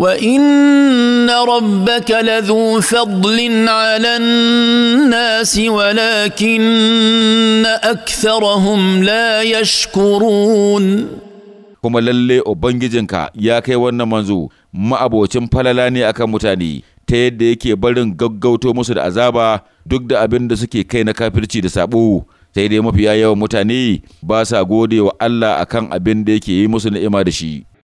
وان ربك لذو فضل على الناس ولكن اكثرهم لا يشكرون kuma lalle ubangijinka ya kai wannan manzo ma'abocin falala ne akan mutane ta yadda yake barin gaggauto musu da azaba duk da abin da suke kai na kafirci da sabo sai dai mafiya yawan mutane ba sa gode wa Allah akan abin da yake yi musu ni'ima da shi